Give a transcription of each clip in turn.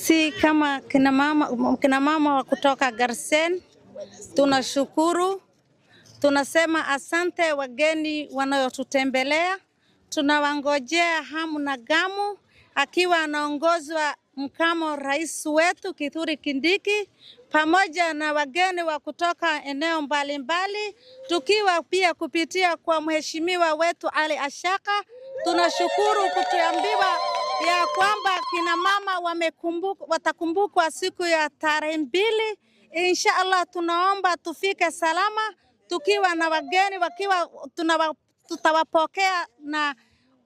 Si kama kina mama, kina mama wa kutoka Garsen tunashukuru, tunasema asante wageni wanayotutembelea, tunawangojea hamu na gamu, akiwa anaongozwa mkamo rais wetu kithuri Kindiki pamoja na wageni wa kutoka eneo mbalimbali, tukiwa pia kupitia kwa mheshimiwa wetu Ali Ashaka, tunashukuru kutuambiwa ya kwamba kina mama wamekumbuka, watakumbukwa siku ya tarehe mbili. Insha Allah tunaomba tufike salama tukiwa na wageni wakiwa tunawa, tutawapokea na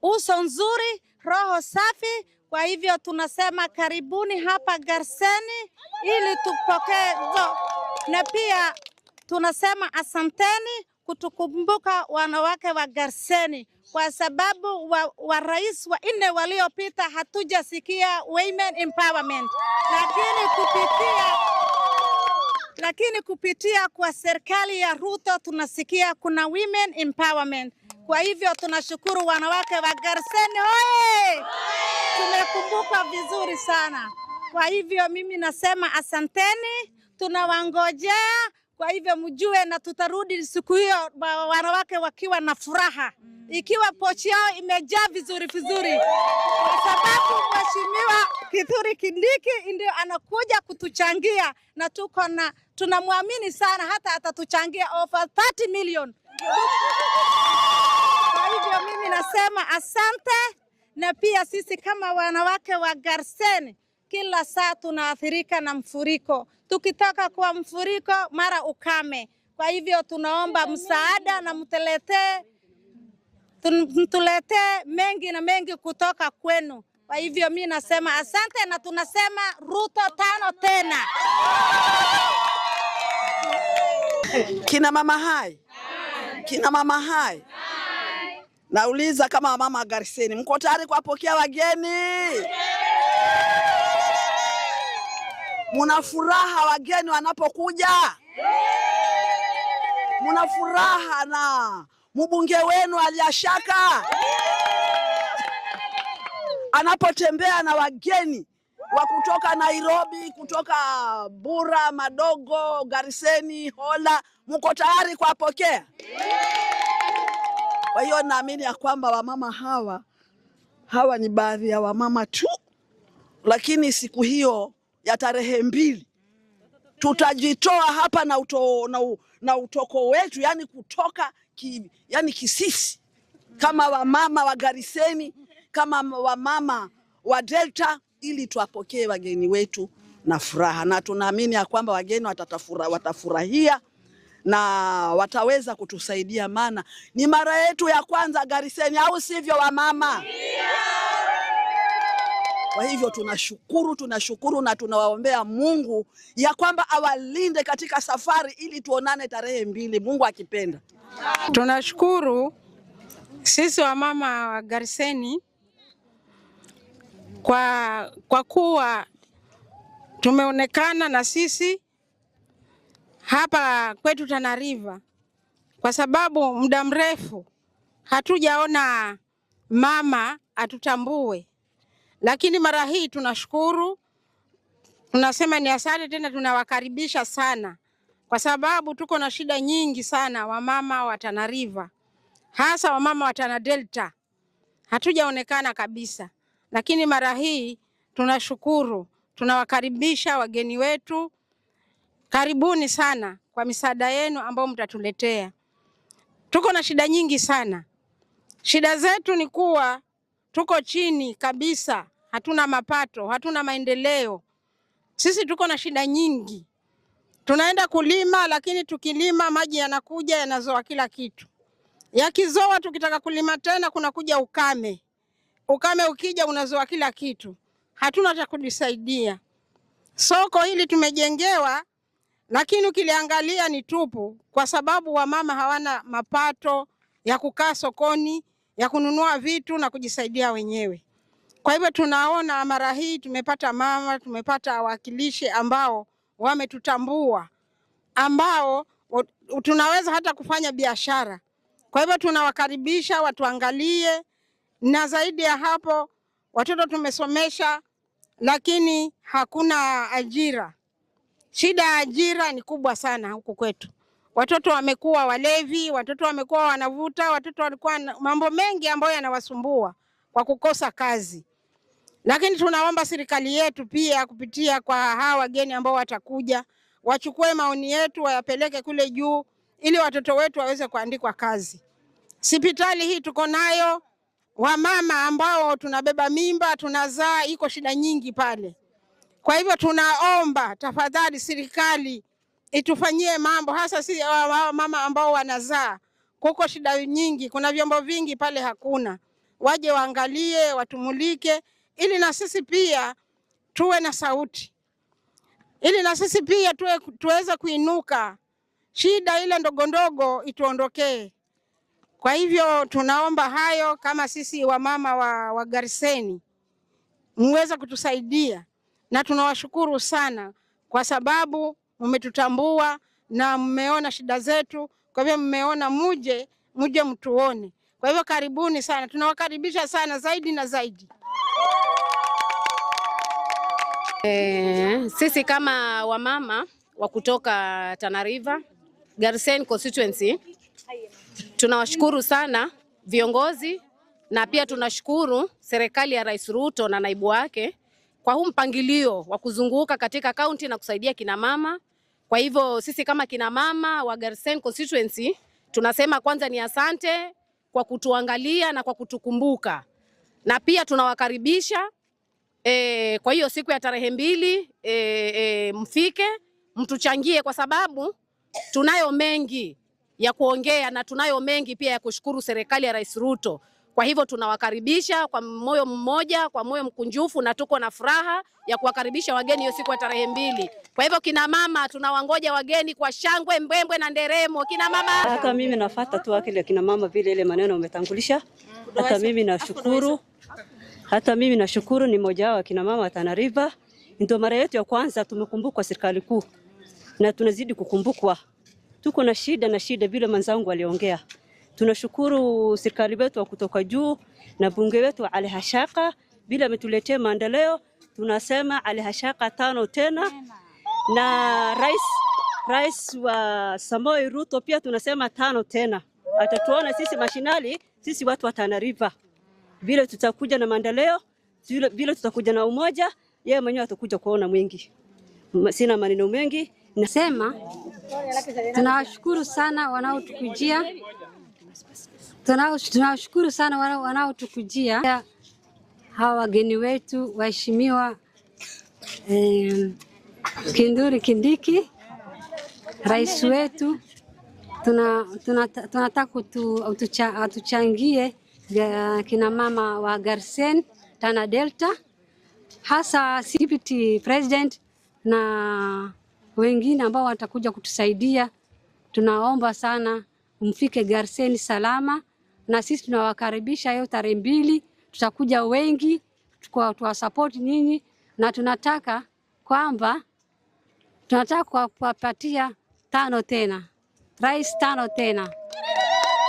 uso nzuri, roho safi. Kwa hivyo tunasema karibuni hapa Garseni ili tupokee, na pia tunasema asanteni kutukumbuka wanawake wa Garseni kwa sababu wa, wa rais wa nne waliopita hatujasikia women empowerment, lakini kupitia lakini kupitia kwa serikali ya Ruto tunasikia kuna women empowerment. Kwa hivyo tunashukuru wanawake wa Garseni, oye, tumekumbuka vizuri sana. Kwa hivyo mimi nasema asanteni, tunawangojea kwa hivyo mjue, na tutarudi siku hiyo wanawake wakiwa na furaha, ikiwa pochi yao imejaa vizuri vizuri, kwa sababu mheshimiwa Kithuri Kindiki ndio anakuja kutuchangia na tuko na tunamwamini sana, hata atatuchangia over 30 million. Kwa hivyo mimi nasema asante, na pia sisi kama wanawake wa Garseni kila saa tunaathirika na mfuriko, tukitoka kwa mfuriko mara ukame. Kwa hivyo tunaomba msaada na mtuletee mtuletee mengi na mengi kutoka kwenu. Kwa hivyo mi nasema asante na tunasema Ruto tano tena. Kina mama hai, kina mama hai, nauliza kama mama Gariseni, mko tayari kuwapokea wageni? Muna furaha wageni wanapokuja? Muna furaha na mbunge wenu Aliashaka anapotembea na wageni wa kutoka Nairobi, kutoka Bura, Madogo, Gariseni, Hola, muko tayari kuwapokea? Kwa hiyo naamini ya kwamba wamama hawa hawa ni baadhi ya wamama tu, lakini siku hiyo ya tarehe mbili tutajitoa hapa na, uto, na, u, na utoko wetu yani kutoka ki, yani kisisi kama wamama wa Gariseni kama wamama wa Delta ili tuwapokee wageni wetu na furaha, na tunaamini ya kwamba wageni watatafura, watafurahia na wataweza kutusaidia, maana ni mara yetu ya kwanza Gariseni, au sivyo wamama? Yeah. Kwa hivyo tunashukuru, tunashukuru na tunawaombea Mungu ya kwamba awalinde katika safari, ili tuonane tarehe mbili, Mungu akipenda. Tunashukuru sisi wamama wa Gariseni kwa, kwa kuwa tumeonekana na sisi hapa kwetu Tana River, kwa sababu muda mrefu hatujaona mama atutambue lakini mara hii tunashukuru, tunasema ni asante tena, tunawakaribisha sana, kwa sababu tuko na shida nyingi sana, wamama wa Tana River, hasa wamama wa Tana Delta hatujaonekana kabisa, lakini mara hii tunashukuru, tunawakaribisha wageni wetu. Karibuni sana kwa misaada yenu ambayo mtatuletea. Tuko na shida nyingi sana. Shida zetu ni kuwa tuko chini kabisa hatuna mapato, hatuna maendeleo. Sisi tuko na shida nyingi, tunaenda kulima, lakini tukilima maji yanakuja yanazoa kila kitu, yakizoa tukitaka kulima tena kuna kuja ukame, ukame ukija unazoa kila kitu, hatuna cha kujisaidia. Soko hili tumejengewa lakini ukiliangalia ni tupu, kwa sababu wamama hawana mapato ya kukaa sokoni ya kununua vitu na kujisaidia wenyewe. Kwa hivyo tunaona mara hii tumepata mama, tumepata wawakilishi ambao wametutambua, ambao tunaweza hata kufanya biashara. Kwa hivyo tunawakaribisha watuangalie, na zaidi ya hapo watoto tumesomesha, lakini hakuna ajira. Shida ya ajira ni kubwa sana huku kwetu. Watoto wamekuwa walevi, watoto wamekuwa wanavuta, watoto walikuwa mambo mengi ambayo yanawasumbua kwa kukosa kazi. Lakini tunaomba serikali yetu pia kupitia kwa hawa wageni ambao watakuja wachukue maoni yetu wayapeleke kule juu ili watoto wetu waweze kuandikwa kazi. Sipitali hii tuko nayo, wamama ambao tunabeba mimba tunazaa, iko shida nyingi pale. Kwa hivyo tunaomba tafadhali, serikali itufanyie mambo, hasa si wamama ambao wanazaa. Kuko shida nyingi, kuna vyombo vingi pale hakuna, waje waangalie, watumulike ili na sisi pia tuwe na sauti, ili na sisi pia tuwe tuweze kuinuka, shida ile ndogo ndogo ituondokee. Kwa hivyo tunaomba hayo, kama sisi wamama wa, wa Gariseni muweze kutusaidia, na tunawashukuru sana kwa sababu mmetutambua na mmeona shida zetu, kwa hivyo mmeona muje muje mtuone. Kwa hivyo karibuni sana, tunawakaribisha sana zaidi na zaidi. Eh, sisi kama wamama wa kutoka Tana River Garsen constituency tunawashukuru sana viongozi na pia tunashukuru serikali ya Rais Ruto na naibu wake kwa huu mpangilio wa kuzunguka katika kaunti na kusaidia kina mama. Kwa hivyo sisi kama kina mama wa Garsen constituency tunasema kwanza ni asante kwa kutuangalia na kwa kutukumbuka, na pia tunawakaribisha E, kwa hiyo siku ya tarehe mbili e, e, mfike mtuchangie, kwa sababu tunayo mengi ya kuongea na tunayo mengi pia ya kushukuru serikali ya Rais Ruto. Kwa hivyo tunawakaribisha kwa moyo mmoja, kwa moyo mkunjufu, na tuko na furaha ya kuwakaribisha wageni hiyo siku ya tarehe mbili. Kwa hivyo kina mama, tunawangoja wageni kwa shangwe, mbwembwe na nderemo. Kina mama, hata mimi nafuata tu akili ya kina mama, vile ile maneno umetangulisha. Hata mimi nashukuru hata mimi nashukuru ni mmoja wa kina mama wa Tana River. Ndio mara yetu ya kwanza tumekumbukwa serikali kuu na tunazidi kukumbukwa. Tuko na shida na shida, vile mwenzangu aliongea. Tunashukuru serikali wetu wa kutoka juu na bunge wetu Ali Hashaka, bila ametuletea maendeleo. Tunasema Ali Hashaka tano tena, na rais rais wa Samoi Ruto pia tunasema tano tena, atatuona sisi mashinani, sisi watu wa Tana River vile tutakuja na maendeleo, vile tutakuja na umoja, yeye mwenyewe atakuja kuona mwingi. Sina maneno mengi, nasema tunawashukuru sana wanaotukujia, tunawashukuru sana wanaotukujia hawa wageni wetu waheshimiwa eh, Kinduri Kindiki, rais wetu tunataka tuna, tuna, tuna atuchangie kina mama wa Garsen Tana Delta, hasa CPT president na wengine ambao watakuja kutusaidia. Tunaomba sana mfike Garsen salama, na sisi tunawakaribisha. Hiyo tarehe mbili tutakuja wengi tuwasapoti nyinyi, na tunataka kwamba tunataka kuwapatia tano tena, rais tano tena.